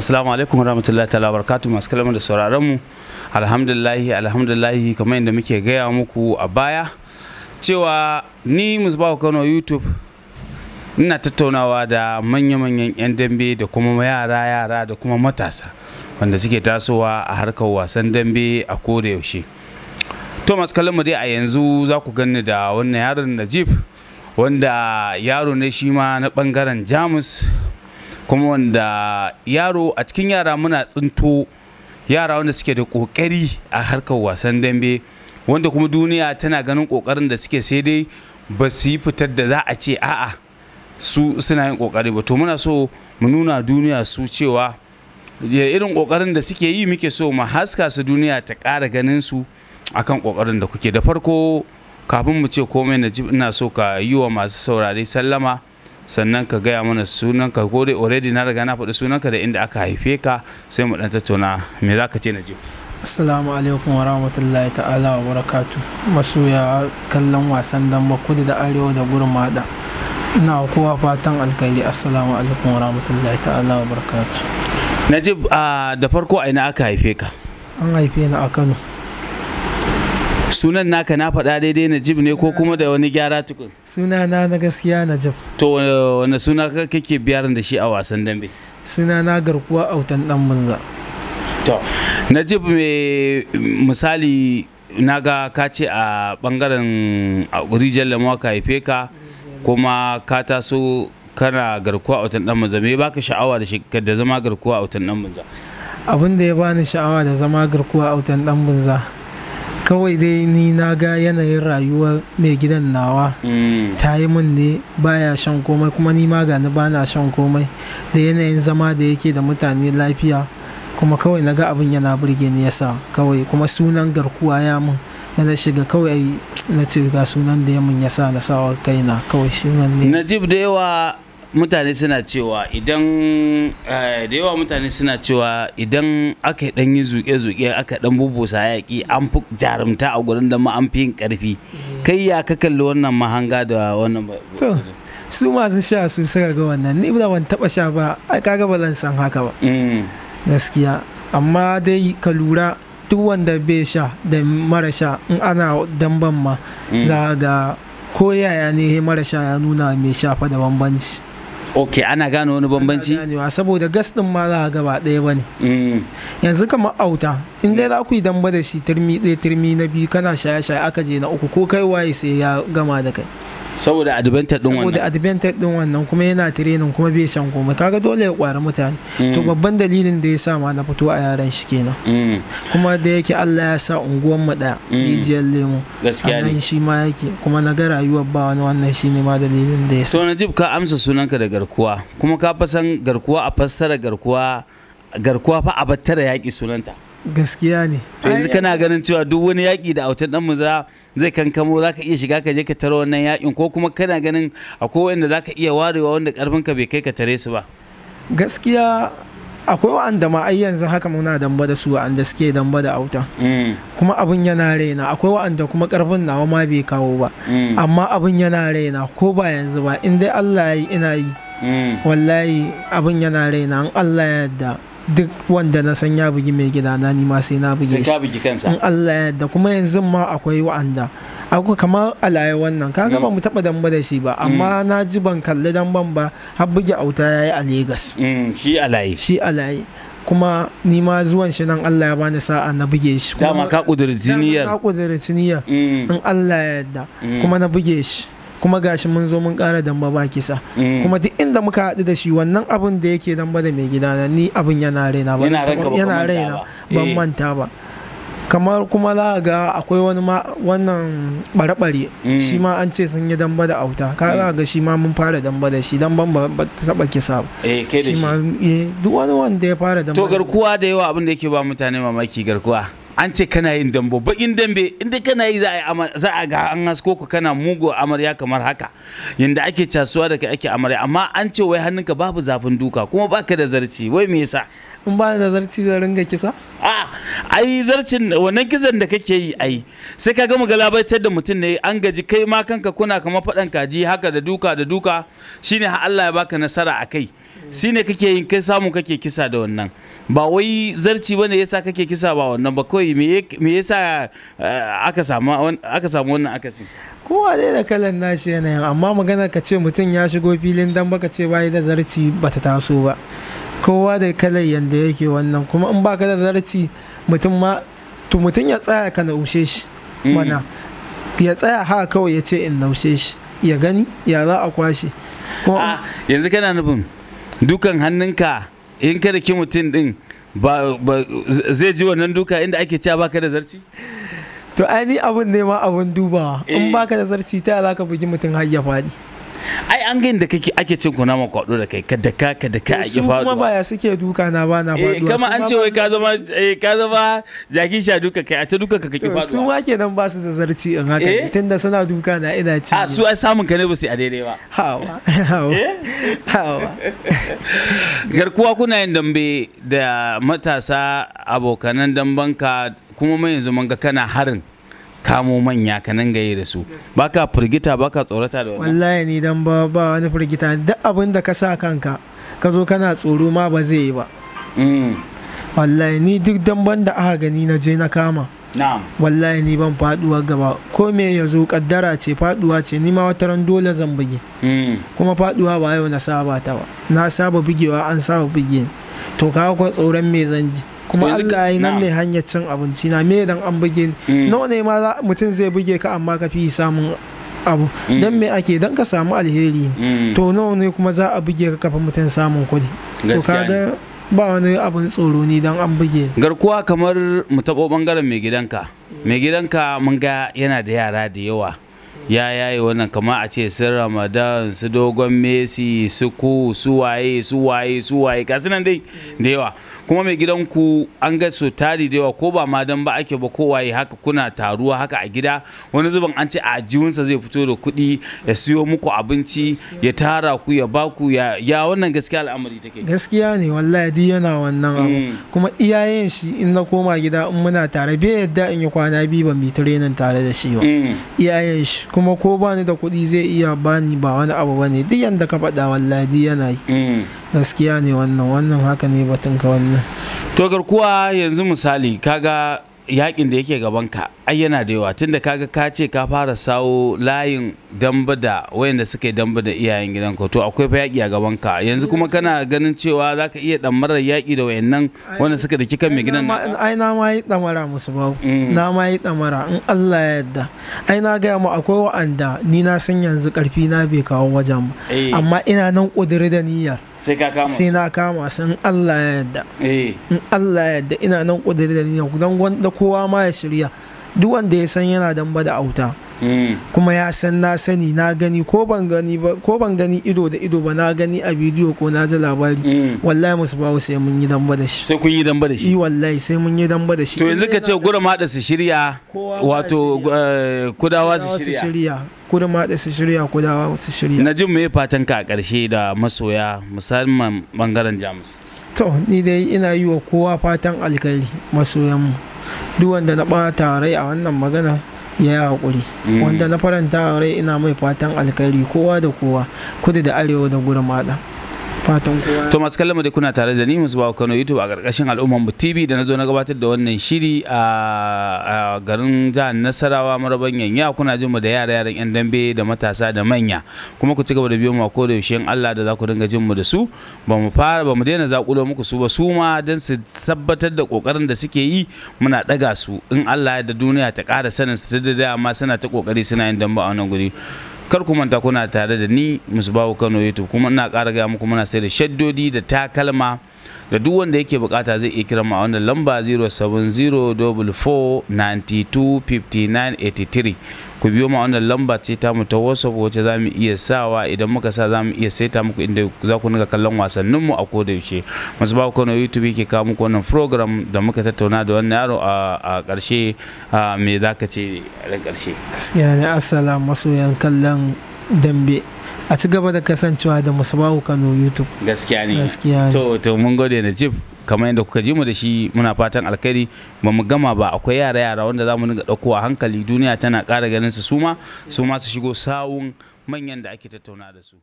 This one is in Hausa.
assalamu alaikum warahmatullahi ta'ala barakatu masu kalmar da sauraron mu alhamdulillahi alhamdulillahi kamar yadda muke gaya muku a baya cewa ni musbahu kano youtube ina tattaunawa da manya-manyan 'yan dambe da kuma yara yara da kuma matasa wanda suke tasowa a harkar wasan dambe a koda yaushe to masu dai a yanzu za ku gani da wannan yaron najib wanda yaro ne shi ma na bangaren jamus kuma wanda yaro a cikin yara muna tsinto yara wanda suke da kokari a harkar wasan dambe wanda kuma duniya tana ganin kokarin da suke sai dai ba su yi fitar da za a ce a'a su suna yin kokari ba to muna so mu nuna duniya su cewa irin kokarin da suke yi muke so mu haska su duniya ta ƙara ganin su akan kokarin da kuke da farko kafin mu ce komai na ina so ka yi wa masu saurare sallama sannan ka gaya mana sunanka ko dai already na riga na faɗi sunanka da inda aka haife ka sai mu ɗan tattauna me za ka ce na je Assalamu alaikum wa rahmatullahi ta'ala wa barakatu masoya kallon wasan dan kudu da arewa da gurmada ina kowa fatan alkali assalamu alaikum wa rahmatullahi ta'ala wa barakatu Najib da farko a ina aka haife ka an haife ni a Kano sunan naka na faɗa daidai jib ne ko kuma da wani gyara tukun suna na na gaskiya jib to wani suna kake biyar da shi a wasan dambe suna na garkuwa autan dan banza to jib mai misali na ga ka ce a bangaren rijiyar lamuwa ka haife ka kuma ka taso kana garkuwa autan dan banza me baka sha'awa da zama garkuwa autan dan banza abin da ya bani sha'awa da zama garkuwa autan dan banza kawai dai ni na ga yanayin rayuwar mai gidan nawa mm. ta yi min ne baya shan komai kuma ni magani ba na shan komai da yanayin zama da yake da mutane lafiya kuma kawai na ga abin yana burge ni yasa kawai kuma sunan garkuwa ya mun da na shiga kawai na ce ga sunan da ya mun yasa na sawa kaina kawai shi ne najib da yawa mutane suna cewa idan eh, da yawa mutane suna cewa idan aka dan yi zuke-zuke aka dan bubusa yaƙi an fi jarumta a gurin da ma an fi yin ƙarfi kai ya ka kalli wannan mahanga da wannan to su masu sha su suka ga wannan ni ba ban taba sha ba a kaga ba zan san haka ba mm. gaskiya amma dai ka lura duk wanda bai sha da mara sha in ana damban ma mm. za ga ko yaya ne mara sha ya nuna mai shafa da bambanci ok ana gane wani bambanci saboda gas din ma za a gaba ɗaya bane mm. yanzu kamar auta in dai za ku yi damba da shi turmi ɗaya turmi na biyu kana shaye-shaye aka je na uku ko kai waye sai ya gama da kai saboda adventure din wannan saboda adventure din wannan kuma yana training kuma bai shan komai kaga dole ya kwari mutane mm. to babban dalilin da ya sa ma na fito a yaran shi kenan mm. kuma da yake Allah ya sa unguwan mu da dijiyar lemu gaskiya ne shi ma yake kuma na ga rayuwar ba wani wannan shine ma dalilin da ya sa so najib ka amsa sunanka daga garkuwa kuma ka fa san garkuwa a fassara garkuwa garkuwa fa a battara yaƙi sunanta gaskiya ne to yanzu kana ganin cewa duk wani yaƙi da autan dan muza zai kankamo za ka iya shiga ka je ka tare wannan yaƙin ko kuma kana ganin akwai wanda ka iya warewa wanda karfin ka bai kai ka tare su ba gaskiya akwai wa'anda ma ai yanzu haka muna damba da su wa'anda suke damba da auta mm. kuma abin yana raina akwai wa'anda kuma karfin nawa ma bai kawo ba mm. amma abin yana raina ko ba yanzu ba in dai Allah ya yi ina yi Mm. wallahi abin yana raina an Allah ya duk wanda na san ya bugi mai gida na nima sai na bugi shi in Allah ya yarda kuma yanzu ma akwai wa'anda akwai kamar alaye wannan kaga ba mu taba damba da shi ba amma mm. na ji ban kalli ban ba har bugi auta yayi a Lagos mm, shi alaye shi alaye kuma ni ma zuwan shi nan Allah ya bani sa'a na buge shi dama ka kudurci niyyar ka kudurci niyyar in Allah ya yarda kuma na buge shi kuma gashi mun zo mun kara damba ba kisa mm. kuma duk inda muka haɗu da shi wannan abun da yake damba da mai gidana ni abun yana raina ba yana raina ban eh. manta ba kamar kuma za ga akwai wani ma wannan bare-bare mm. shi ma an ce sun yi damba da auta ka mm. za ga shi ma mun fara damba da shi damba ban ba taba kisa ba shi eh, ke da shi eh, duk wani wanda ya fara damba to garkuwa da yawa abin da yake ba mutane mamaki garkuwa an ce kana yin dambo bakin dambe inda kana yi za a ga an hasko ku kana mugu amarya kamar haka yadda ake casuwa da ake amarya amma an ce wai hannunka babu zafin duka kuma baka da zarci wai me yasa in ba da zarci da ringa kisa a ai zarcin wannan kisan da kake yi ai sai ka gama galabaitar da mutum ne an gaji kai ma kanka kuna kamar faɗan kaji haka da duka da duka shine har Allah ya baka nasara a kai Shi ne kake yin kai samu kake kisa da wannan ba wai zarci bane yasa kake kisa ba wannan ba kawai me yasa eh, aka samu aka samu wannan akasi kowa dai da kalan nashi yanayin amma magana ka ce mutum ya shigo filin dan baka ce bai da zarci bata taso ba kowa da kalan yanda yake wannan kuma in baka da zarci mutum ma to mutum ya tsaya ka naushe shi mm. mana ya tsaya ha kawai ya ce in naushe shi ya gani ya za a kwashe ah, yanzu kana nufin dukan hannunka in ka ki mutum din zai ji wannan duka inda ake cewa baka da zarci to ai ni abun ne ma abun dubawa in eh. baka da zarci ta za ka bugi mutum har ya faɗi ai an gani da kake ake cin kuna ma kwado da kai ka kada ka ake a ki faduwa kuma baya suke duka na ba na eh, faduwa Kuma an ce wai ka zama eh ka zama jaki sha duka kai a ta duka ka kake faduwa su ma kenan ba su da zarci in haka eh? tunda suna duka na ina ci a su ai samun ka ne ba su a daidai ba hawa eh? hawa garkuwa kuna yin dambe da matasa abokanan dambanka kuma mai yanzu manga kana harin kamo manya ka nan gaye da su baka firgita baka tsorata da wallahi ni dan ba ba wani firgita duk abin da ka sa kanka ka zo kana tsoro ma ba zai yi ba mm. wallahi ni duk dan ban da aka gani na je na kama wallahi ni ban faduwa gaba ko me ya zo kaddara ce faduwa ce ni ma wata ran dole zan bugi. Mm. kuma faduwa ba yau na saba ta ba na saba bugewa an saba bugi to kawo ko tsoron me zan ji kuma Allah ya nan ne hanyar cin abinci na me dan an buge ni mm. ne ma mutum zai buge ka amma ka fi samun abu mm. don me ake don ka samu alheri mm. to no ne kuma za a buge ka kafa mutum samun kuɗi to kaga ba wani abin tsoro ne dan an buge garkuwa kamar mu taɓo ɓangaren mai gidanka mai gidanka mun ga yana da yara da yawa ya yayi wannan kama a ce sun ramadan su dogon messi su ku su waye su waye su waye ga nan dai da yawa kuma mai gidanku an ga su tari da yawa ko ba ma dan ba ake ba ko waye haka kuna taruwa haka a gida wani zuban an ce a jiwunsa zai fito da kuɗi ya siyo muku abinci ya tara ku ya baku ya ya wannan gaskiya al'amari take gaskiya ne wallahi dai yana wannan abu mm. kuma iyayen shi in na koma gida in muna tare bai yadda in yi kwana biyu ban bi nan tare da shi ba mm. iyayen shi kuma ko bani da kuɗi zai iya bani ba wani abu ba ne duk yadda ka faɗa wallahi yana yi mm. gaskiya ne wannan wannan haka ne batun ka wannan to garkuwa yanzu misali kaga yakin da yake gabanka ka ai yana da yawa tunda kaga ka ce ka fara sawo layin damba da wayanda suke damba da iyayen gidanka to akwai fa yaƙi a gaban ka yanzu kuma kana ganin cewa za ka iya ɗamarar yaƙi da wayannan wanda suka da kika mai gidan ai na ma yi ɗamara musu babu mm. na ma yi ɗamara in Allah ya yarda ai na gaya mu akwai wa'anda ni na san yanzu ƙarfi na bai kawo wajen mu eh. amma ina nan ƙudiri da niyyar sai ka kama sai na kama su in Allah ya yarda eh. in Allah ya yarda ina nan ƙudiri da niyyar don wanda kowa ma ya shirya duk wanda ya san yana damba da auta Hmm. kuma ya san na sani na gani ko ban gani ido da ido ba na gani a bidiyo ko na ji labari hmm. wallahi musu bawo sai mun yi damba da shi sai kun yi damba da shi eh, wallahi sai mun yi damba da shi to yanzu ka ce ma da su shirya wato eh, kudawa su shirya ma da su shirya kudawa su shirya na jin mai fatan ka a ƙarshe da masoya musamman bangaren jamus to ni dai ina yi wa kowa fatan alkali masoyan mu duk wanda na ɓata rai a wannan magana ya yi haƙuri mm. wanda na faranta rai ina mai fatan alkhairi kowa da kowa kudu da arewa da gurin maɗa fatan kowa to masu kallon da kuna tare da ni kano youtube a karkashin al'umman mu tv da na zo na gabatar da wannan shiri a garin jihar nasarawa maraban yanya kuna jin mu da yara yaran yan dambe da matasa da manya kuma ku ci gaba da biyo mu ko da yaushe in Allah da za ku dinga jin mu da su ba mu fara ba mu daina zakulo muku su ba su ma dan su tabbatar da kokarin da suke yi muna daga su in Allah da duniya ta ƙara sanin su da dama suna ta kokari suna yin damba a wannan guri kar ku manta kuna tare da ni musu bawo kano youtube kuma ina ƙara gaya muku muna sai da shaddodi da takalma da duk wanda yake bukata zai iya kira mu a wannan lamba 07044925983 ku biyo mu a wannan lamba ce ta mu ta WhatsApp wacce za mu iya sawa idan muka sa za mu iya saita muku inda za ku nika kallon wasannin mu a koda yaushe masu ba ku na YouTube yake kawo muku wannan program da muka tattauna da wannan yaro a karshe me za ka ce a karshe gaskiya ne assalamu masoyan kallon dambe a ci gaba da kasancewa da bahu kano youtube gaskiya ne to to mun gode da jib kamar yadda kuka ji mu da shi muna fatan alkhairi ba mu gama ba akwai yara yara wanda za mu dinga ɗaukowa hankali duniya tana ƙara ganin su suma suma su shigo sawun manyan da ake tattauna da su